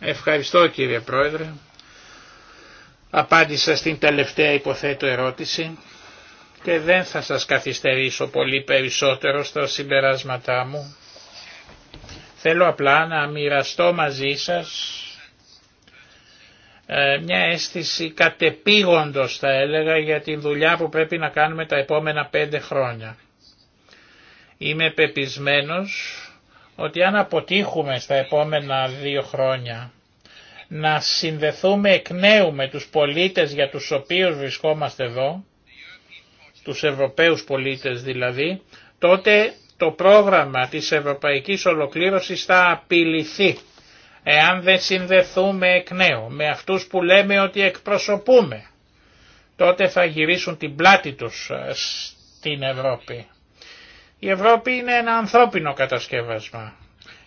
Ευχαριστώ κύριε Πρόεδρε. Απάντησα στην τελευταία υποθέτω ερώτηση και δεν θα σας καθυστερήσω πολύ περισσότερο στα συμπεράσματά μου. Θέλω απλά να μοιραστώ μαζί σας ε, μια αίσθηση κατεπήγοντος θα έλεγα για την δουλειά που πρέπει να κάνουμε τα επόμενα πέντε χρόνια. Είμαι πεπισμένος ότι αν αποτύχουμε στα επόμενα δύο χρόνια να συνδεθούμε εκ νέου με τους πολίτες για τους οποίους βρισκόμαστε εδώ, τους Ευρωπαίους πολίτες δηλαδή, τότε το πρόγραμμα της Ευρωπαϊκής Ολοκλήρωσης θα απειληθεί εάν δεν συνδεθούμε εκ νέου με αυτούς που λέμε ότι εκπροσωπούμε. Τότε θα γυρίσουν την πλάτη τους ε, στην Ευρώπη. Η Ευρώπη είναι ένα ανθρώπινο κατασκεύασμα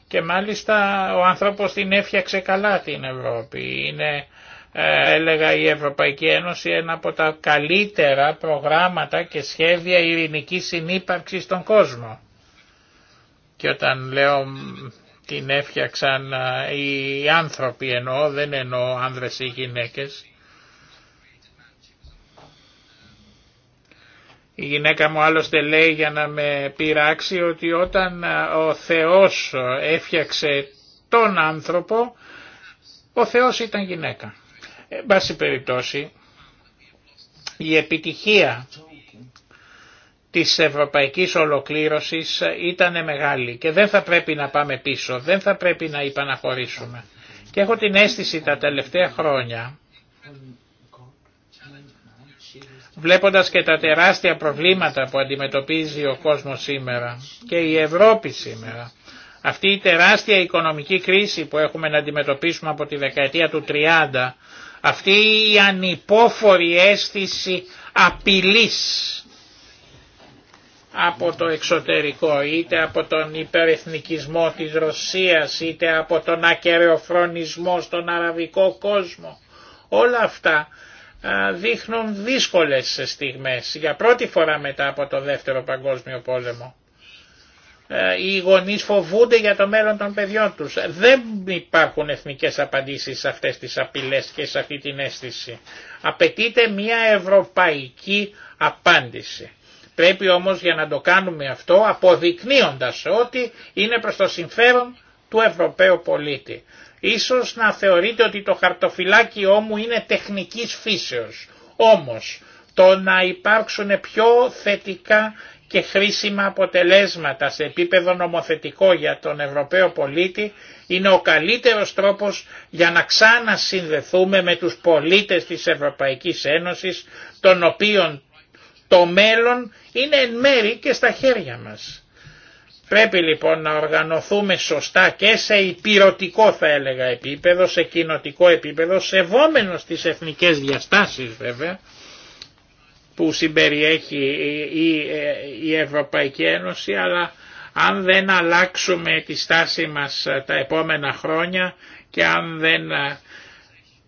και μάλιστα ο άνθρωπος την έφτιαξε καλά την Ευρώπη. Είναι ε, έλεγα η Ευρωπαϊκή Ένωση ένα από τα καλύτερα προγράμματα και σχέδια ειρηνικής συνύπαρξης στον κόσμο. Και όταν λέω την έφτιαξαν ε, οι άνθρωποι εννοώ, δεν εννοώ άνδρες ή γυναίκες, Η γυναίκα μου άλλωστε λέει για να με πειράξει ότι όταν ο Θεός έφτιαξε τον άνθρωπο, ο Θεός ήταν γυναίκα. Εν πάση περιπτώσει, η επιτυχία της ευρωπαϊκής ολοκλήρωσης ήταν μεγάλη και δεν θα πρέπει να πάμε πίσω, δεν θα πρέπει να υπαναχωρήσουμε. Και έχω την αίσθηση τα τελευταία χρόνια βλέποντας και τα τεράστια προβλήματα που αντιμετωπίζει ο κόσμος σήμερα και η Ευρώπη σήμερα. Αυτή η τεράστια οικονομική κρίση που έχουμε να αντιμετωπίσουμε από τη δεκαετία του 30, αυτή η ανυπόφορη αίσθηση απειλής από το εξωτερικό, είτε από τον υπερεθνικισμό της Ρωσίας, είτε από τον ακεραιοφρονισμό στον αραβικό κόσμο. Όλα αυτά δείχνουν δύσκολες στιγμές για πρώτη φορά μετά από το δεύτερο παγκόσμιο πόλεμο. Οι γονείς φοβούνται για το μέλλον των παιδιών τους. Δεν υπάρχουν εθνικές απαντήσεις σε αυτές τις απειλές και σε αυτή την αίσθηση. Απαιτείται μια ευρωπαϊκή απάντηση. Πρέπει όμως για να το κάνουμε αυτό αποδεικνύοντας ότι είναι προς το συμφέρον του Ευρωπαίου πολίτη. Ίσως να θεωρείτε ότι το χαρτοφυλάκι μου είναι τεχνικής φύσεως. Όμως το να υπάρξουν πιο θετικά και χρήσιμα αποτελέσματα σε επίπεδο νομοθετικό για τον Ευρωπαίο πολίτη είναι ο καλύτερος τρόπος για να ξανασυνδεθούμε με τους πολίτες της Ευρωπαϊκής Ένωσης των οποίων το μέλλον είναι εν μέρη και στα χέρια μας. Πρέπει λοιπόν να οργανωθούμε σωστά και σε υπηρετικό θα έλεγα επίπεδο, σε κοινοτικό επίπεδο, σεβόμενος τις εθνικές διαστάσεις βέβαια, που συμπεριέχει η Ευρωπαϊκή Ένωση, αλλά αν δεν αλλάξουμε τη στάση μας ε, τα επόμενα χρόνια και αν δεν ε,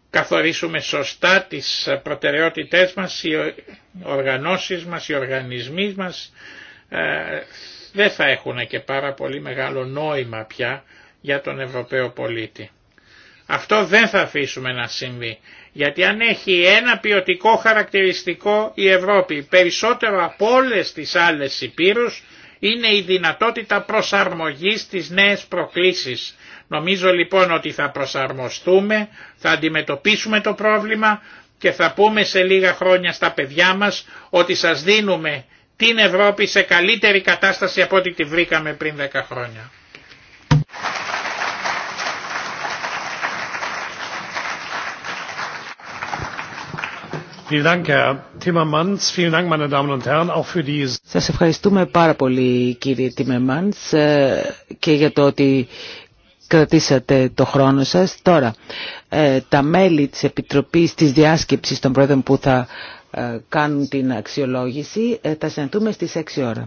καθορίσουμε σωστά τις προτεραιότητές μας, οι οργανώσεις μας, οι οργανισμοί μας, ε, δεν θα έχουν και πάρα πολύ μεγάλο νόημα πια για τον Ευρωπαίο πολίτη. Αυτό δεν θα αφήσουμε να συμβεί, γιατί αν έχει ένα ποιοτικό χαρακτηριστικό η Ευρώπη περισσότερο από όλες τις άλλες υπήρους είναι η δυνατότητα προσαρμογής στις νέες προκλήσεις. Νομίζω λοιπόν ότι θα προσαρμοστούμε, θα αντιμετωπίσουμε το πρόβλημα και θα πούμε σε λίγα χρόνια στα παιδιά μας ότι σας δίνουμε την Ευρώπη σε καλύτερη κατάσταση από ό,τι τη βρήκαμε πριν 10 χρόνια. Σας ευχαριστούμε πάρα πολύ κύριε Τιμεμάντς και για το ότι κρατήσατε το χρόνο σας. Τώρα, ε, τα μέλη της Επιτροπής της Διάσκεψης των Πρόεδρων που θα ε, κάνουν την αξιολόγηση. Ε, θα συναντούμε στις 6 ώρα.